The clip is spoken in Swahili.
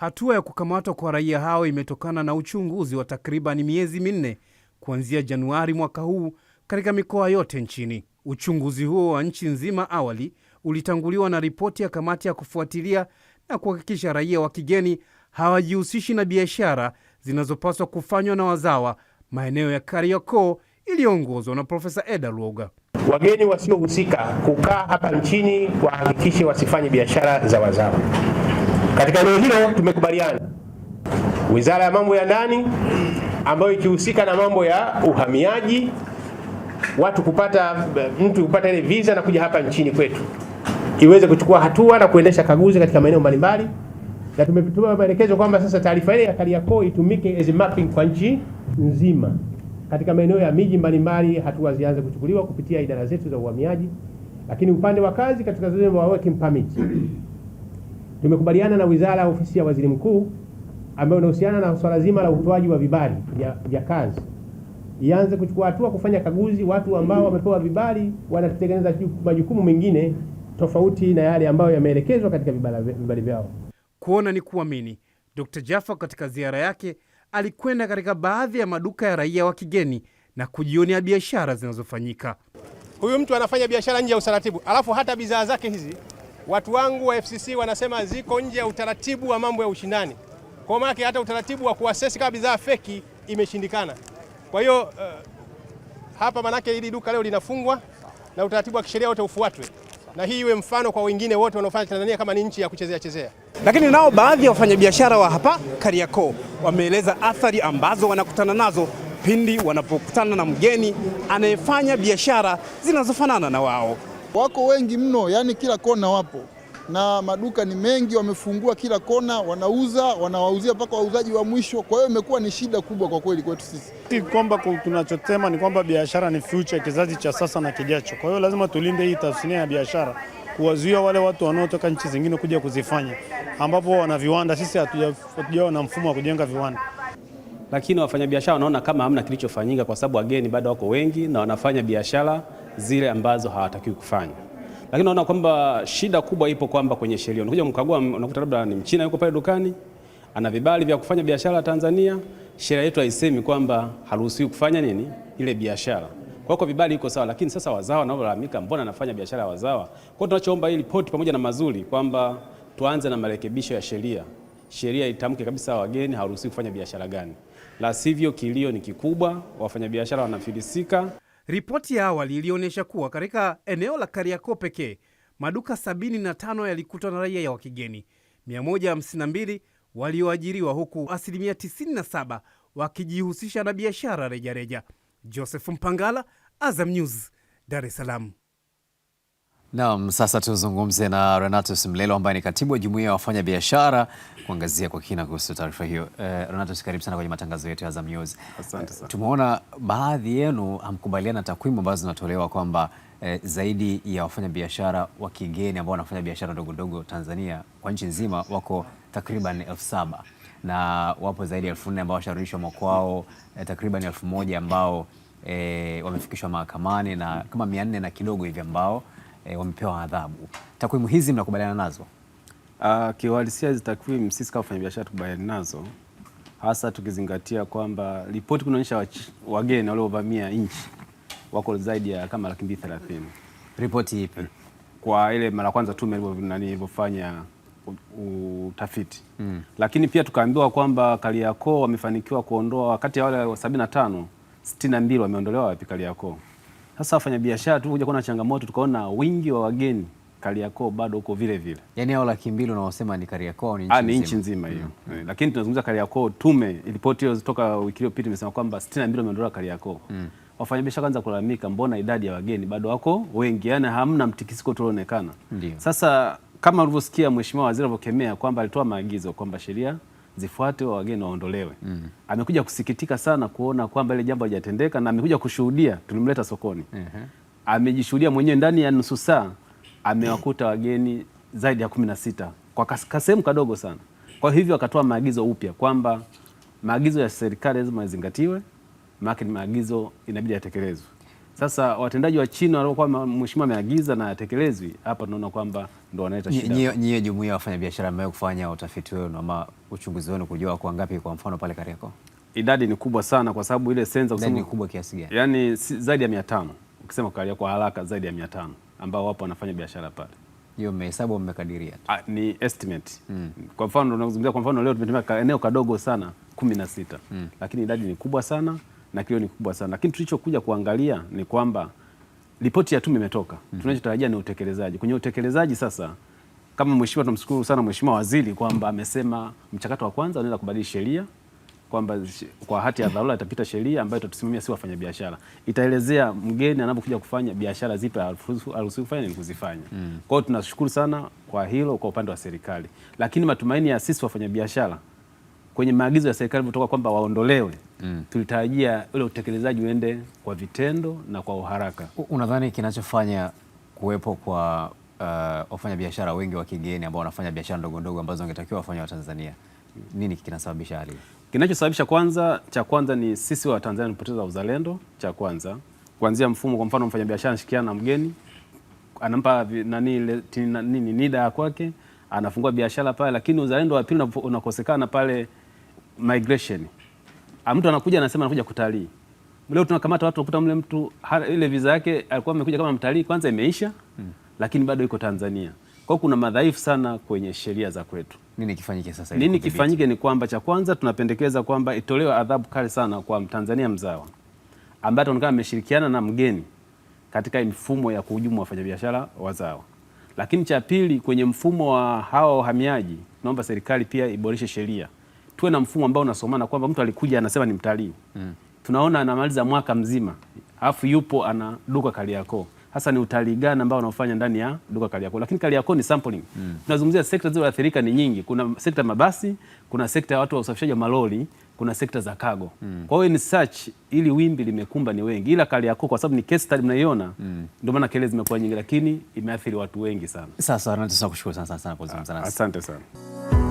Hatua ya kukamatwa kwa raia hao imetokana na uchunguzi wa takriban miezi minne kuanzia Januari mwaka huu katika mikoa yote nchini. Uchunguzi huo wa nchi nzima awali ulitanguliwa na ripoti ya kamati ya kufuatilia na kuhakikisha raia wa kigeni hawajihusishi na biashara zinazopaswa kufanywa na wazawa maeneo ya Kariakoo iliyoongozwa na Profesa Eda Luoga. Wageni wasiohusika kukaa hapa nchini wahakikishe wasifanye biashara za wazawa. Katika eneo hilo tumekubaliana Wizara ya Mambo ya Ndani ambayo ikihusika na mambo ya uhamiaji, watu kupata mtu kupata ile visa na kuja hapa nchini kwetu, iweze kuchukua hatua na kuendesha kaguzi katika maeneo mbalimbali, na tumetoa maelekezo kwamba sasa taarifa ile ya Kariakoo itumike as mapping kwa nchi nzima katika maeneo ya miji mbalimbali, hatua zianze kuchukuliwa kupitia idara zetu za uhamiaji, lakini upande wa kazi katika zile wa working permit Tumekubaliana na wizara, ofisi ya waziri mkuu, ambayo inahusiana na swala zima la utoaji wa vibali vya kazi ianze kuchukua hatua kufanya kaguzi watu ambao wamepewa vibali wanatengeneza majukumu mengine tofauti na yale ambayo yameelekezwa katika vibali vyao. Kuona ni kuamini. Dkt. Jaffa katika ziara yake alikwenda katika baadhi ya maduka ya raia wa kigeni na kujionea biashara zinazofanyika. Huyu mtu anafanya biashara nje ya utaratibu, alafu hata bidhaa zake hizi watu wangu wa FCC wanasema ziko nje ya utaratibu wa mambo ya ushindani. Kwa maana hata utaratibu wa kuasesi kama bidhaa feki imeshindikana. Kwa hiyo uh, hapa manake hili duka leo linafungwa na utaratibu wa kisheria wote ufuatwe na hii iwe mfano kwa wengine wote wanaofanya Tanzania kama ni nchi ya kuchezea chezea. Lakini nao baadhi ya wafanyabiashara wa hapa Kariakoo wameeleza athari ambazo wanakutana nazo pindi wanapokutana na mgeni anayefanya biashara zinazofanana na wao. Wako wengi mno, yani kila kona wapo na maduka ni mengi, wamefungua kila kona, wanauza wanawauzia mpaka wauzaji wa mwisho. Kwa hiyo imekuwa ni shida kubwa kwa kweli kwetu sisi, kwamba tunachosema ni kwamba biashara ni future, kizazi cha sasa na kijacho. Kwa hiyo lazima tulinde hii tasnia ya biashara, kuwazuia wale watu wanaotoka nchi zingine kuja kuzifanya, ambapo wana viwanda. Sisi hatujawa na mfumo wa kujenga viwanda, lakini wafanyabiashara wanaona kama hamna kilichofanyika, kwa sababu wageni bado wako wengi na wanafanya biashara zile ambazo hawatakiwi kufanya. Lakini naona kwamba shida kubwa ipo kwamba kwenye sheria unakuja mkagua, unakuta labda ni mchina yuko pale dukani ana vibali vya kufanya biashara Tanzania, sheria yetu haisemi kwamba haruhusiwi kufanya nini ile biashara. Kwa hiyo vibali iko sawa, lakini sasa wazawa nao walalamika, mbona anafanya biashara ya wazawa? Kwa hiyo tunachoomba hili ripoti pamoja na mazuri kwamba tuanze na marekebisho ya sheria, sheria itamke kabisa wageni haruhusiwi kufanya biashara gani, la sivyo kilio ni kikubwa, wafanyabiashara wanafilisika. Ripoti ya awali ilionyesha kuwa katika eneo la Kariakoo pekee maduka 75 yalikutwa na raia ya wakigeni 152 walioajiriwa huku asilimia 97 wakijihusisha na biashara rejareja. Joseph Mpangala, Azam News, Dar es Salaam. Naam, sasa tuzungumze na Renatus Mlelo ambaye ni katibu wa jumuiya ya wafanya biashara kuangazia kwa kina kuhusu taarifa hiyo. Eh, Renatus karibu sana kwenye matangazo yetu ya Azam News. Asante sana. Eh, tumeona baadhi yenu hamkubaliana na takwimu ambazo zinatolewa kwamba eh, zaidi ya wafanyabiashara wa kigeni ambao wanafanya biashara ndogo ndogo Tanzania kwa nchi nzima wako takriban elfu saba na wapo zaidi ya elfu nne ambao washarudishwa makwao, eh, takriban elfu moja ambao eh, wamefikishwa mahakamani na kama mia nne na kidogo hivi ambao e, wamepewa adhabu. Takwimu hizi mnakubaliana nazo? Uh, kiuhalisia hizi takwimu sisi kama wafanyabiashara tukubaliani nazo hasa tukizingatia kwamba ripoti kunaonyesha wageni waliovamia nchi wako zaidi ya kama laki mbili thelathini. Ripoti ipi? Kwa ile mara kwanza tume ilivyofanya utafiti mm. Lakini pia tukaambiwa kwamba Kariakoo wamefanikiwa kuondoa kati ya wale na mbili wameondolewa wapi Kariakoo? Sasa wafanya biashara tulikuja kuwa na changamoto, tukaona wingi wa wageni Kariakoo bado huko vile vile, yaani hao laki mbili unaosema ni Kariakoo ni nchi nzima, Ah, ni nchi nzima hiyo mm. mm. Lakini tunazungumza Kariakoo, tume ilipoti hiyo kutoka wiki iliyopita imesema kwamba 62 wameondoka Kariakoo mm. Wafanyabiashara kwanza kulalamika, mbona idadi ya wageni bado wako wengi, yaani hamna mtikisiko tulioonekana. Sasa kama ulivyosikia mheshimiwa waziri alivyokemea kwamba alitoa maagizo kwamba sheria zifuate wa wageni waondolewe. mm. Amekuja kusikitika sana kuona kwamba ile jambo hajatendeka na amekuja kushuhudia, tulimleta sokoni. uh -huh. Amejishuhudia mwenyewe ndani ya nusu saa amewakuta wageni zaidi ya kumi na sita kwa kasehemu kadogo sana. Kwa hivyo akatoa maagizo upya kwamba maagizo ya serikali lazima yazingatiwe, maana ni maagizo inabidi yatekelezwe. Sasa watendaji wa chini waliokuwa mheshimiwa ameagiza na yatekelezwi, hapa tunaona kwamba ndo wanaleta shida. Nyie jumuiya ya wafanyabiashara mmeweza kufanya utafiti wenu ama uchunguzi wenu kujua kwa ngapi, kwa mfano pale Kariakoo? Idadi ni kubwa sana, kwa sababu ile sensa kusema ni kubwa kiasi gani, yani zaidi ya 500 ukisema Kariakoo kwa haraka, zaidi ya 500 ambao wapo wanafanya biashara pale. Hiyo mmehesabu au mmekadiria? Ah, ni estimate mm. Kwa mfano unazungumzia, kwa mfano leo tumetumia eneo kadogo sana 16 mm. Lakini idadi ni kubwa sana na kilio ni kubwa sana, lakini tulichokuja kuangalia ni kwamba ripoti ya tume imetoka mm. Tunachotarajia ni utekelezaji. Kwenye utekelezaji sasa, kama mheshimiwa, tunamshukuru sana mheshimiwa waziri kwamba amesema mchakato wa kwanza unaweza kubadili sheria kwamba kwa hati ya dharura itapita sheria ambayo itatusimamia si wafanya biashara, itaelezea mgeni anapokuja kufanya biashara zipi aruhusiwi kufanya ni kuzifanya. Mm. Kwa hiyo tunashukuru sana kwa hilo kwa upande wa serikali, lakini matumaini ya sisi wafanya biashara kwenye maagizo ya serikali kutoka kwamba waondolewe mm. tulitarajia ule utekelezaji uende kwa vitendo na kwa uharaka. Unadhani kinachofanya kuwepo kwa uh, wafanyabiashara wengi wa kigeni ambao wanafanya biashara ndogo ndogo ambazo wangetakiwa wafanya Watanzania, nini kinasababisha hali hii? Kinachosababisha kwanza, cha kwanza ni sisi wa Tanzania tunapoteza uzalendo, cha kwanza kuanzia mfumo. Kwa mfano, mfanyabiashara anashikiana na mgeni, anampa nani nini NIDA kwake, anafungua biashara pale, lakini uzalendo wa pili unakosekana pale migration. Ah, mtu anakuja anasema anakuja kutalii. Leo tunakamata watu wakuta mle mtu ile visa yake alikuwa amekuja kama mtalii kwanza imeisha hmm. lakini bado yuko Tanzania. Kwa kuna madhaifu sana kwenye sheria za kwetu. Nini kifanyike sasa hivi? Nini kifanyike ni kwamba cha kwanza tunapendekeza kwamba itolewe adhabu kali sana kwa Mtanzania mzawa ambaye ataonekana ameshirikiana na mgeni katika mfumo ya kuhujumu wafanyabiashara wazawa. Lakini cha pili, kwenye mfumo wa hawa wahamiaji, naomba serikali pia iboreshe sheria tuwe na mfumo ambao unasomana kwamba mtu alikuja anasema ni mtalii mm. tunaona anamaliza mwaka mzima alafu yupo ana duka Kariakoo hasa ni utalii gani ambao wanaofanya ndani ya duka Kariakoo. Lakini Kariakoo ni sampling mm. tunazungumzia sekta zilizoathirika ni nyingi. Kuna sekta ya mabasi, kuna sekta ya watu wa usafishaji wa malori, kuna sekta za cargo mm. kwa hiyo ni search, ili wimbi limekumba ni wengi, ila Kariakoo kwa sababu ni case study mnaiona mm. ndio maana kelele zimekuwa nyingi, lakini imeathiri watu wengi sana. Sasa tunataka kushukuru sana sana kwa kuzungumza nasi. Asante sana.